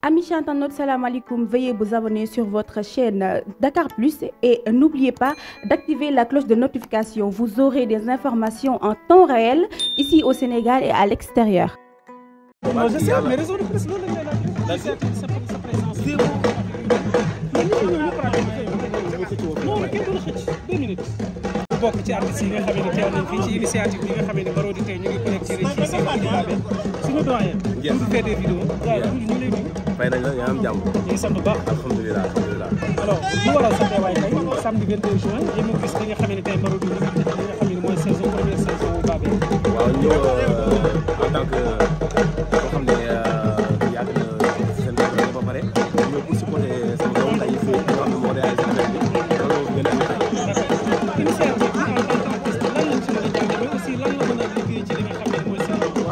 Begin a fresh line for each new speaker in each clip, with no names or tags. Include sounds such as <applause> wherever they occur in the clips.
Amis chers internautes, salam alaikum. Veuillez vous abonner Plus et n'oubliez pas d'activer la cloche de notification. Vous aurez des informations en temps réel ici au Sénégal et à l'extérieur. bokk ci artistes yi nga xam ne teew nañ fii ci initiative bi nga xam ne Marodi tey ñu ngi connecté rek ci seen kilifabe suñu doyen bu fekkee vidéo waaw ñu lay nuyu fay nañ la yaa am jàmm ñu ngi sant bu baax alhamdulilah alhamdulilah alors lu waral sa teewaay tey samedi 22 juin yéen a gis li nga xam ne tey Marodi ñu ngi def li nga xam ne mooy saison première saison bu Babel waaw ñëw euh, en tant que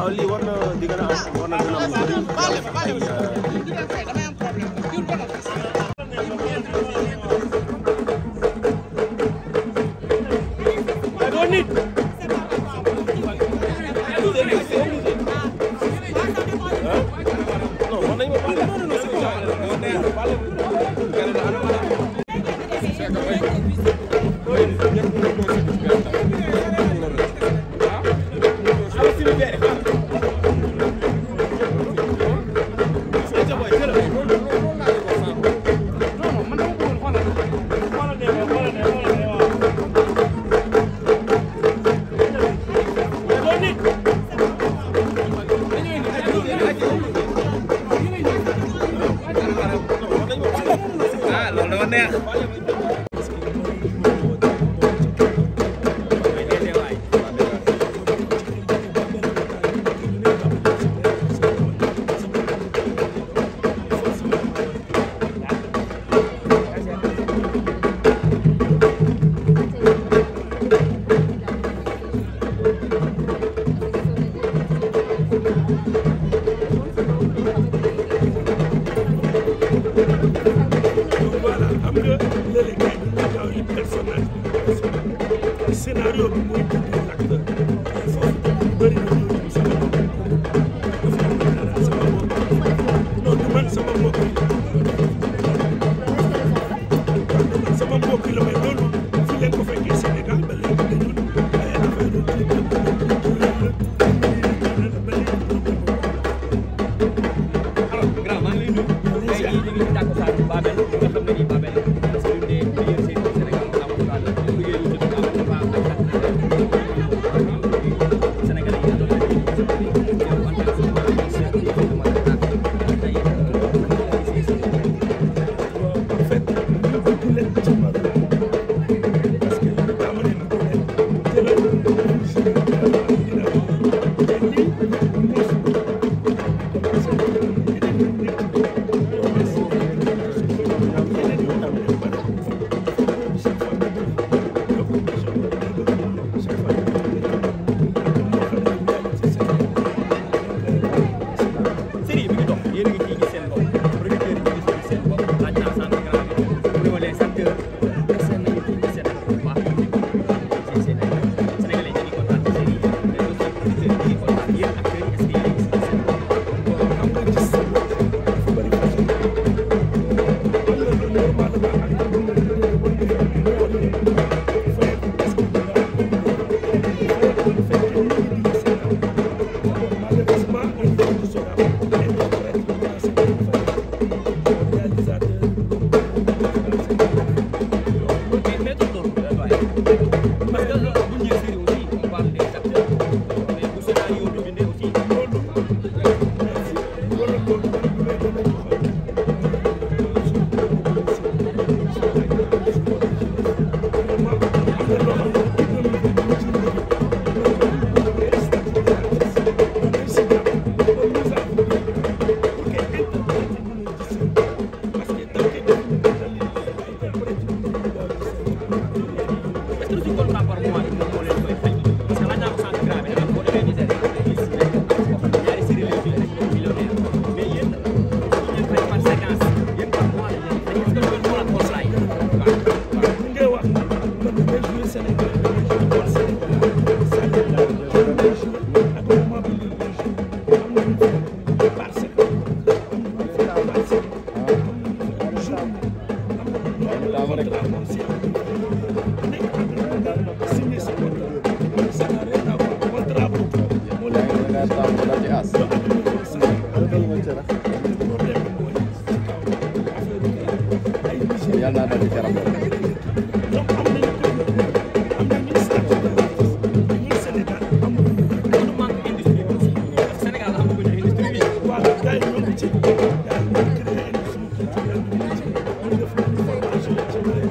waaw lii war na di gën a am war na gën a am scénario bi muy dëgg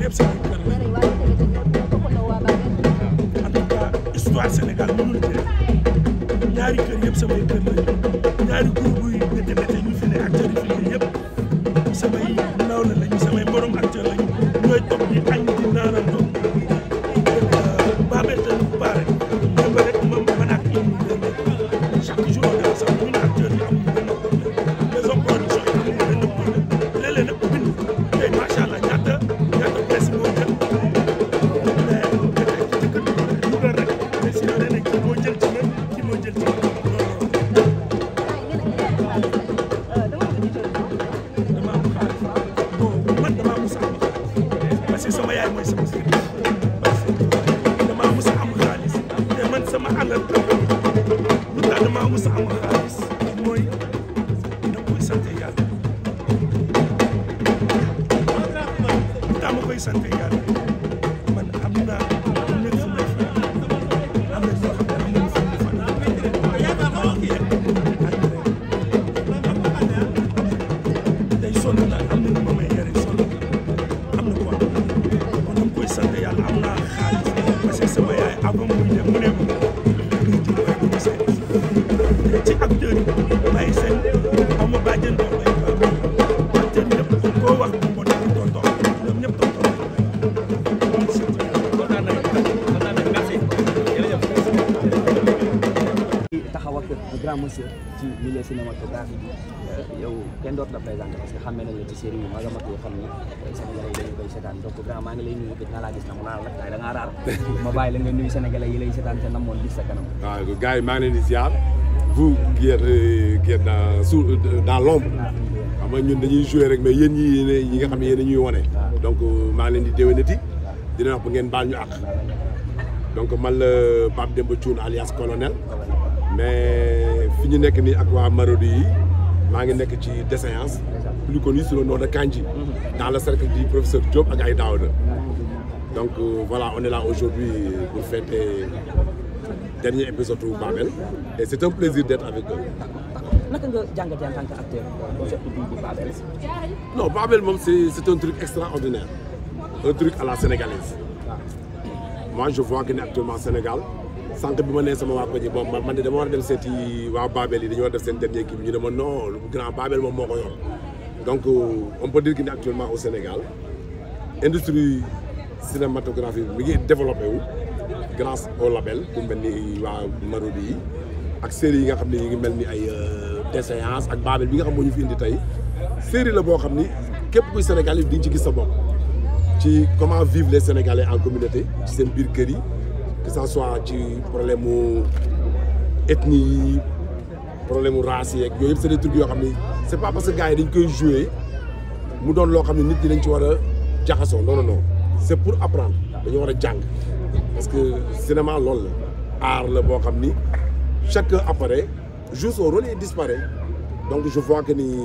Sénégal yëpp seen kër la en tout cas histoire Sénégal mënul jeex ñaari kër yëpp samay kër la ñaari groupe yu nga demete ñu fi ne acteurs yi fi ne yëpp samay naaw la lañu samay morom acteurs lañu ñooy toog di añ di naanandoo euh, Babel te bu baare démb rek moom man ak ñoom ñu chaque jour on est ensemble ñun acteurs yi amul benn problème les hommes production yi amul benn problème léeg-léeg nag sant yàlla man am naa am nañ sama frère am nañ ñoo xam ne am nañ sama fan tey sonn naa am nañu ma may yore sonn am na ko wax kon dama koy sant yàlla am naa xaalis parce que sama yaay avant muy dem mu ne ma ci acteur yi
volet cinématographique euh, bi yow kenn dootu la présenté parce que xamee la ci série yu mag a mag yoo xam ni euh, sénégalais maa ngi lay nuyu gëj naa laa na mu naan nag waaye da <laughs> ma bàyyi la nga nuyu sénégalais yi lay seetaan te namoon gis sa kanam waaw gars yi maa ngi leen di ziar vous qui êtes euh, qui êtes dans sous dans l'ombre xam nga ñun dañuy jouer rek mais yéen ñi ñi nga xam ne yéen ñuy wone donc maa ngi leen di déwénati dina wax ba ngeen baal ñu àq donc man la Pape Demba Thioune alias colonel mais fi ñu nekk nii ak waa Marodi yi maa ngi nekk ci déséance plus connu sous le nom de Kandji mhm. dans le cercle du professeur Diop a ay Daouda donc euh, voilà on la là aujourd'hui pour fêter dernier épisode bu Babel et c'est un plaisir d'être avec eux naka nga jàngatee en tant moom c'est un truc extraordinaire un truc à la sénégalaise moi je vois que ne Sénégal sànq bi ma nee sama waa ko ñi moom man dama war a dem seeti waa Babel yi dañu war a def seen dernier kii bi ñu ne ma non lu grand Babel moom moo ko yor donc on peut dire que ni actuellement au Sénégal industrie cinématographique bi mi ngi développé wu grâce au label ku mel ni ak série yi nga xam ne yi ngi mel ni ay euh, déséance ak Babel bi nga xam moo ñu fi indi tey série la boo xam ni képp kuy Sénégalais di ci gis sa bopp ci comment vivent les Sénégalais en communauté ci seen biir kër yi que ça soit ci problème mu ethnie yi problème mu race yeeg yooyu yëpp c'est des yoo xam ni c'est pas parce que gars yi dañ koy jouer mu doon loo xam ne nit ñi dañ ci war a jaxasoo non non non c'est pour apprendre dañu war a jàng parce que cinéma loolu la art la boo xam ni chacun apparaît joue son rôle et disparaît donc je vois que ni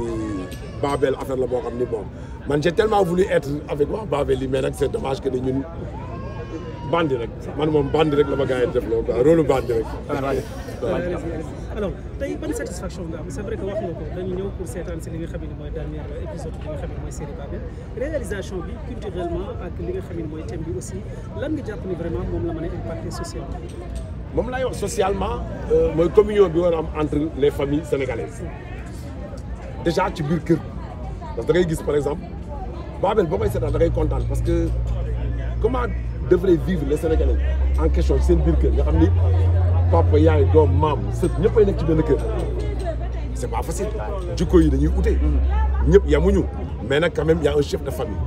Babel affaire la boo xam ni bon man j'ai tellement voulu être avec waa Babel yi mais nag c'est dommage que ni ñun. bandi rek man moom bandi rek la ma gars yi def loolu quoi rôle bandi rek. Ah,
alors tey ban satisfaction nga am c'est vrai que wax nga ko dañu ñëw pour seetaan si li nga xam ne mooy dernier épisode bi nga xam ne mooy série Babel réalisation bi culturellement ak li nga xam ne mooy thème bi aussi lan nga jàpp ni vraiment moom la mën a impacté socialement.
moom laay wax socialement euh, mooy communion bi war a am entre les familles sénégalaises déjà ci biir kër parce que da ngay gis par exemple Babel boo koy seetaan da ngay kontaan parce que comment. devrait vivre les Sénégalais en question seen biir kër nga xam ni papa yaay doom maam sët ñëppay nekk ci benn kër c'est pas facile jikko yi dañuy ute ñëpp yamuñu mais nag quand même y a un chef de famille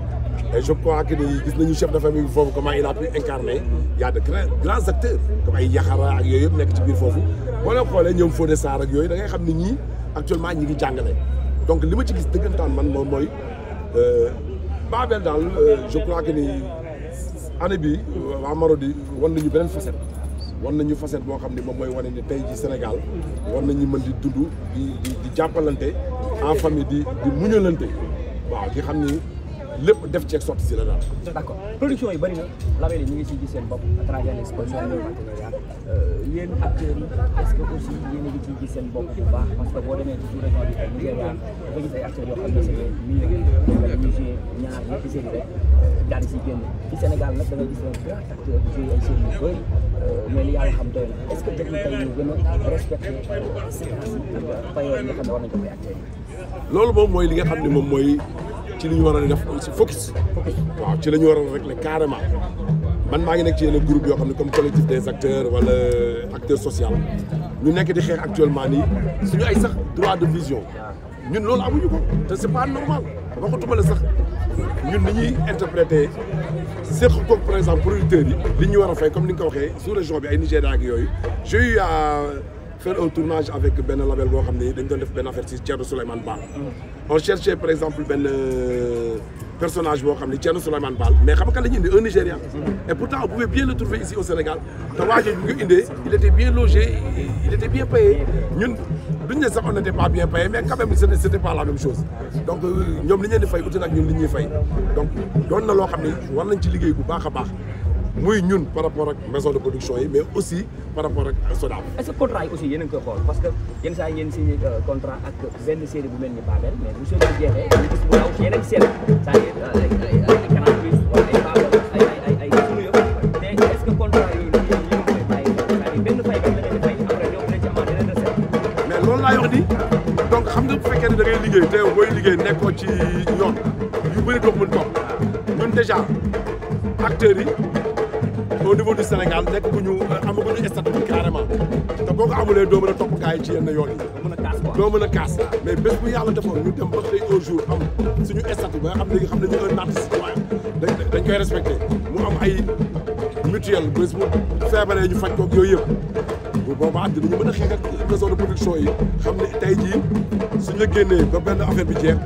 et je crois que ni gis nañu chef de famille foofu comment il a pu incarner y de grands acteurs comme yaxara ak yooyu yëpp nekk ci biir foofu boo leen xoolee ñoom Fodé Sarr ak yooyu da ngay xam ni ñii actuellement ñi ngi jàngale donc li ma ci gis dëggantaan man moom mooy euh, Babel daal euh, je crois que ni année bi waa di wan nañu beneen facette wan nañu facette boo xam ne moom mooy wane ni tey ji Sénégal war nañu mën di dund di di di jàppalante en famille di di muñalante waaw di xam ni lépp def ceeg sotti si la daal. d'accord yi bëri na label yi ñu ngi si gis seen bopp à travers les sponsors les partenariats euh, que aussi yéen a ngi ciy seen bopp bu baax boo demee ci daal di si génn ci euh, na est-ce a respecté
séquence ak xam ne war nañ
loolu moom mooy li nga xam ne moom mooy ci li ñu war a def si focus. focus waaw ci lañu ñu war a régler carrément man maa ngi nekk ci yenn groupe yoo xam ne comme collectif des acteurs wala acteur social ñu nekk di xeex actuellement nii suñu ay sax droit de vision ñun loolu amuñu ko te c'est pas normal waxatuma la sax. ñun ni ñuy interprété seq koog par exemple producteurs yi li ñu war a fay comme ni nga ko waxee sous région bi ay Nigéria ak yooyu j'ai eu à faire un tournage avec benn label boo xam ne dañ doon def benn affaire ci Thierno Souleymane Baal on cherchait par exemple benn euh, personnage boo xam ne Thierno Souleymane Baal mais xam nga la ñu indi un Nigérian et pourtant on pouvait bien le trouver ici au Sénégal te waa ñu ngi indee il était bien logé il était bien payé ñun duñ ne sax on n'était pas bien payé mais quand même c'était pas la chose donc euh, ñoom li ñu leen fay uti nag ñun li ñuy fay donc doon na loo xam ne war nañ liggéey bu baax baax muy ñun par rapport ak maison de production yi mais aussi par rapport ak SODAV. que contrat liggéey nekkoo ci yoon yu bëri doo mën topp ñun déjà acteurs yi au niveau du Sénégal nekk bu ñu amaguñu statut carrément te boo ko amulee doo mën a topp ci yoon yi. doo mën a kaas mais bés bu yàlla defoon ñu dem au jour am suñu statut ba xam ne xam nañu un artiste koy respecté mu am ay mutuelle bés feebaree ñu faj koog yooyu bu boobaa dinañu mën a xeex ak maison de production yi xam ne tey jii suñu la génnee ba benn affaire bi jeex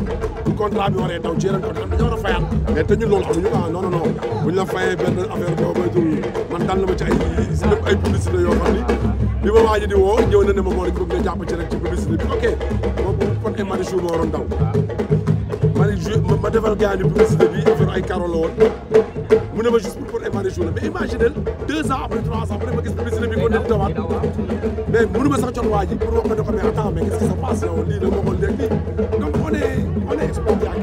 bu contrat bi waree daw ci yeneen contrat dañoo war a fayaat mais te ñun loolu amuñu ah non non non buñ la fayee benn affaire boo may tur man dal na ma ci ay si lépp ay publicité yoo xam ni bi ma waaj di woo ñëw na ne ma moo rek bëgg nga jàpp ci rek ci publicité bi ok boobu kon ay Marichou moo waroon daw Marichou ma defal gars yi publicité bi affaire ay karo la woon mu ne ma juste pour ay jours la mais imaginez deux ans après trois ans mu ne ma gis président bi ko def tawaat mais mënu ma sax jot waa ji pour wax ko ne ko mais attends mais qu'est-ce qui se passe yow lii la ma xool léegi lii donc on est on est exploité ak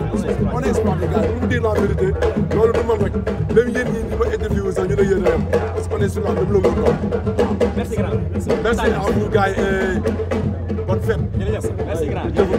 on est exploité gars yi pour dire la vérité loolu du man rek même yéen ñi ñu ma interviewé sax ñu ne yéen rek parce qu'on est sur la même longueur d'onde merci grand merci à vous gars yi bonne fête merci grand